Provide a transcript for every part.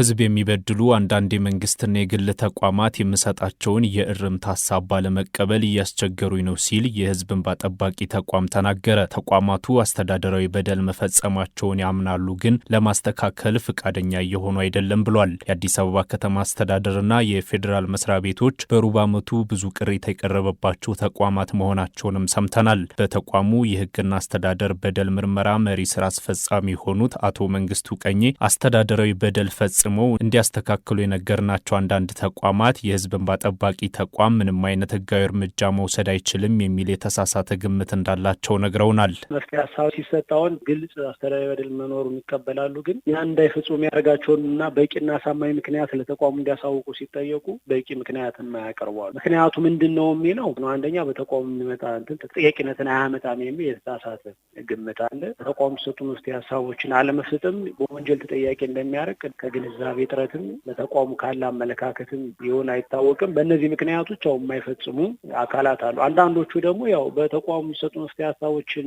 ህዝብ የሚበድሉ አንዳንድ የመንግስትና የግል ተቋማት የምሰጣቸውን የእርምት ሀሳብ ባለመቀበል እያስቸገሩኝ ነው ሲል የሕዝብ እንባ ጠባቂ ተቋም ተናገረ። ተቋማቱ አስተዳደራዊ በደል መፈጸማቸውን ያምናሉ፣ ግን ለማስተካከል ፍቃደኛ እየሆኑ አይደለም ብሏል። የአዲስ አበባ ከተማ አስተዳደርና የፌዴራል መስሪያ ቤቶች በሩብ ዓመቱ ብዙ ቅሬታ የቀረበባቸው ተቋማት መሆናቸውንም ሰምተናል። በተቋሙ የህግና አስተዳደር በደል ምርመራ መሪ ስራ አስፈጻሚ የሆኑት አቶ መንግስቱ ቀኜ አስተዳደራዊ በደል ፈጽ ፈጽመው እንዲያስተካክሉ የነገርናቸው አንዳንድ ተቋማት የህዝብን እንባ ጠባቂ ተቋም ምንም አይነት ህጋዊ እርምጃ መውሰድ አይችልም የሚል የተሳሳተ ግምት እንዳላቸው ነግረውናል። መፍትሄ ሀሳብ ሲሰጣውን ግልጽ አስተዳደራዊ በደል መኖሩን ይቀበላሉ። ግን ያ እንዳይፈጽሙ ያደርጋቸውን እና በቂና አሳማኝ ምክንያት ለተቋሙ እንዲያሳውቁ ሲጠየቁ በቂ ምክንያት የማያቀርቧል። ምክንያቱ ምንድን ነው የሚለው አንደኛ በተቋሙ የሚመጣ ተጠያቂነትን አያመጣም የሚል የተሳሳተ ግምት አለ። ተቋሙ ሰጡ መፍትሄ ሀሳቦችን አለመስጥም በወንጀል ተጠያቂ እንደሚያደርግ ከግንዛ የግንዛቤ እጥረትም ለተቋሙ ካለ አመለካከትም ቢሆን አይታወቅም። በእነዚህ ምክንያቶች ያው የማይፈጽሙ አካላት አሉ። አንዳንዶቹ ደግሞ ያው በተቋሙ የሚሰጡ መፍትሄ ሀሳቦችን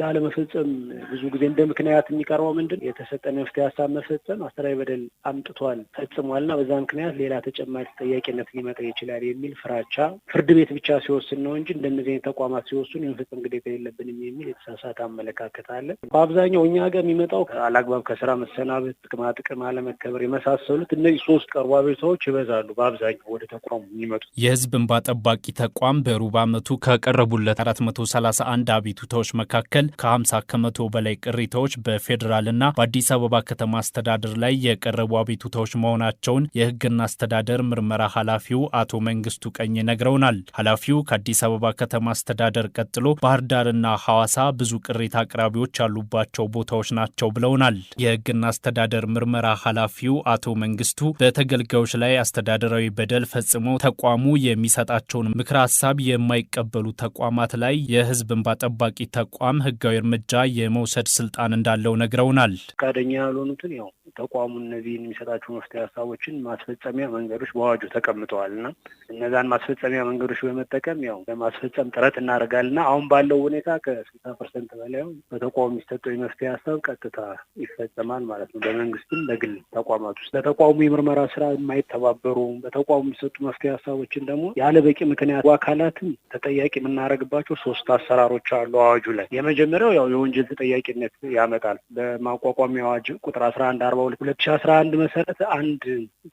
ላለመፈጸም ብዙ ጊዜ እንደ ምክንያት የሚቀርበው ምንድን የተሰጠን መፍትሄ ሀሳብ መፈጸም አስተዳደራዊ በደል አምጥቷል ፈጽሟልና በዛ ምክንያት ሌላ ተጨማሪ ተጠያቂነት ሊመጣ ይችላል የሚል ፍራቻ ፍርድ ቤት ብቻ ሲወስን ነው እንጂ እንደነዚህ አይነት ተቋማት ሲወስኑ የመፈጸም ግዴታ የለብንም የሚል የተሳሳተ አመለካከት አለ። በአብዛኛው እኛ ጋር የሚመጣው አላግባብ ከስራ መሰናበት፣ ጥቅማ ጥቅም አለመከበር የመሳሰሉት እነዚህ ሶስት ቀርቧ ቤታዎች ይበዛሉ በአብዛኛው ወደ ተቋሙ የሚመጡ። የህዝብ እንባ ጠባቂ ተቋም በሩብ ዓመቱ ከቀረቡለት 431 አቤቱታዎች መካከል ከ50 ከመቶ በላይ ቅሬታዎች በፌዴራልና በአዲስ አበባ ከተማ አስተዳደር ላይ የቀረቡ አቤቱታዎች መሆናቸውን የህግና አስተዳደር ምርመራ ኃላፊው አቶ መንግስቱ ቀኝ ነግረውናል። ኃላፊው ከአዲስ አበባ ከተማ አስተዳደር ቀጥሎ ባህር ዳርና ሐዋሳ ብዙ ቅሬታ አቅራቢዎች ያሉባቸው ቦታዎች ናቸው ብለውናል። የህግና አስተዳደር ምርመራ ኃላፊው ኃላፊው አቶ መንግስቱ በተገልጋዮች ላይ አስተዳደራዊ በደል ፈጽሞ ተቋሙ የሚሰጣቸውን ምክር ሀሳብ የማይቀበሉ ተቋማት ላይ የህዝብ እንባ ጠባቂ ተቋም ህጋዊ እርምጃ የመውሰድ ስልጣን እንዳለው ነግረውናል። ፈቃደኛ ያልሆኑትን ያው ተቋሙ እነዚህን የሚሰጣቸው መፍትሄ ሀሳቦችን ማስፈጸሚያ መንገዶች በአዋጁ ተቀምጠዋል እና እነዛን ማስፈጸሚያ መንገዶች በመጠቀም ያው ለማስፈጸም ጥረት እናደርጋል እና አሁን ባለው ሁኔታ ከስልሳ ፐርሰንት በላይ በተቋሙ የሚሰጠው የመፍትሄ ሀሳብ ቀጥታ ይፈጸማል ማለት ነው። በመንግስትም በግል ተቋማት ውስጥ ለተቋሙ የምርመራ ስራ የማይተባበሩ በተቋሙ የሚሰጡ መፍትሄ ሀሳቦችን ደግሞ ያለ በቂ ምክንያት አካላትም ተጠያቂ የምናደርግባቸው ሶስት አሰራሮች አሉ አዋጁ ላይ የመጀመሪያው ያው የወንጀል ተጠያቂነት ያመጣል በማቋቋሚ አዋጅ ቁጥር አስራ አንድ አርባ በሁለት ሺ አስራ አንድ መሰረት አንድ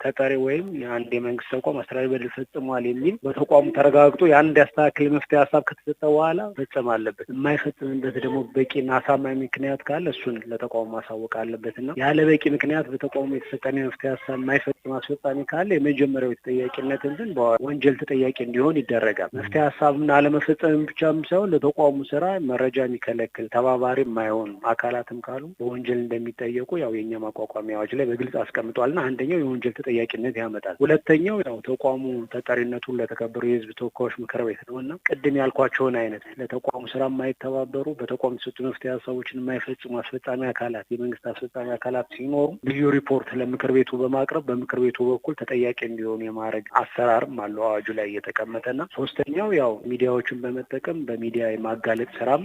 ተጠሪ ወይም አንድ የመንግስት ተቋም አስተዳደራዊ በደል ፈጽሟል የሚል በተቋሙ ተረጋግጦ የአንድ ያስተካክል መፍትሄ ሀሳብ ከተሰጠ በኋላ ፈጸም አለበት። የማይፈጽምበት ደግሞ በቂና አሳማኝ ምክንያት ካለ እሱን ለተቋሙ ማሳወቅ አለበትና ያለ በቂ ምክንያት በተቋሙ የተሰጠን የመፍትሄ ሀሳብ የማይፈጽም አስፈጻሚ ካለ የመጀመሪያው የተጠያቂነት እንትን በወንጀል ተጠያቂ እንዲሆን ይደረጋል። መፍትሄ ሀሳብና አለመፈጸምን ብቻም ሳይሆን ለተቋሙ ስራ መረጃ የሚከለክል ተባባሪ የማይሆኑ አካላትም ካሉ በወንጀል እንደሚጠየቁ ያው የኛ ማቋቋም አቋሚ አዋጅ ላይ በግልጽ አስቀምጧልና አንደኛው የወንጀል ተጠያቂነት ያመጣል። ሁለተኛው ያው ተቋሙ ተጠሪነቱን ለተከበሩ የህዝብ ተወካዮች ምክር ቤት ነው እና ቅድም ያልኳቸውን አይነት ለተቋሙ ስራ የማይተባበሩ በተቋም የተሰጡ መፍትሄ ሀሳቦችን የማይፈጽሙ አስፈጻሚ አካላት፣ የመንግስት አስፈጻሚ አካላት ሲኖሩ ልዩ ሪፖርት ለምክር ቤቱ በማቅረብ በምክር ቤቱ በኩል ተጠያቂ እንዲሆኑ የማድረግ አሰራርም አለው አዋጁ ላይ እየተቀመጠና ሶስተኛው ያው ሚዲያዎችን በመጠቀም በሚዲያ የማጋለጥ ስራም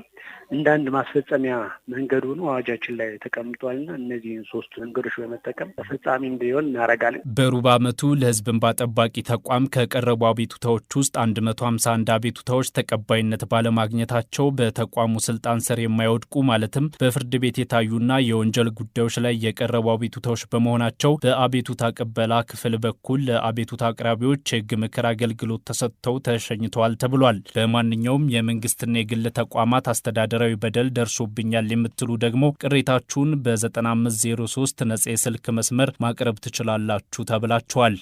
እንደ አንድ ማስፈጸሚያ መንገድ ሆኖ አዋጃችን ላይ ተቀምጧልና እነዚህን ሶስት መንገዶች ሞገሾ በመጠቀም ተፈጻሚ እንዲሆን እናደርጋለን። በሩብ ዓመቱ ለህዝብን እንባ ጠባቂ ተቋም ከቀረቡ አቤቱታዎች ውስጥ 151 አቤቱታዎች ተቀባይነት ባለማግኘታቸው በተቋሙ ስልጣን ስር የማይወድቁ ማለትም በፍርድ ቤት የታዩና የወንጀል ጉዳዮች ላይ የቀረቡ አቤቱታዎች በመሆናቸው በአቤቱታ ቅበላ ክፍል በኩል ለአቤቱታ አቅራቢዎች የህግ ምክር አገልግሎት ተሰጥተው ተሸኝተዋል ተብሏል። በማንኛውም የመንግስትና የግል ተቋማት አስተዳደራዊ በደል ደርሶብኛል የምትሉ ደግሞ ቅሬታችሁን በ9503 በተቀረጸ የስልክ መስመር ማቅረብ ትችላላችሁ ተብላችኋል።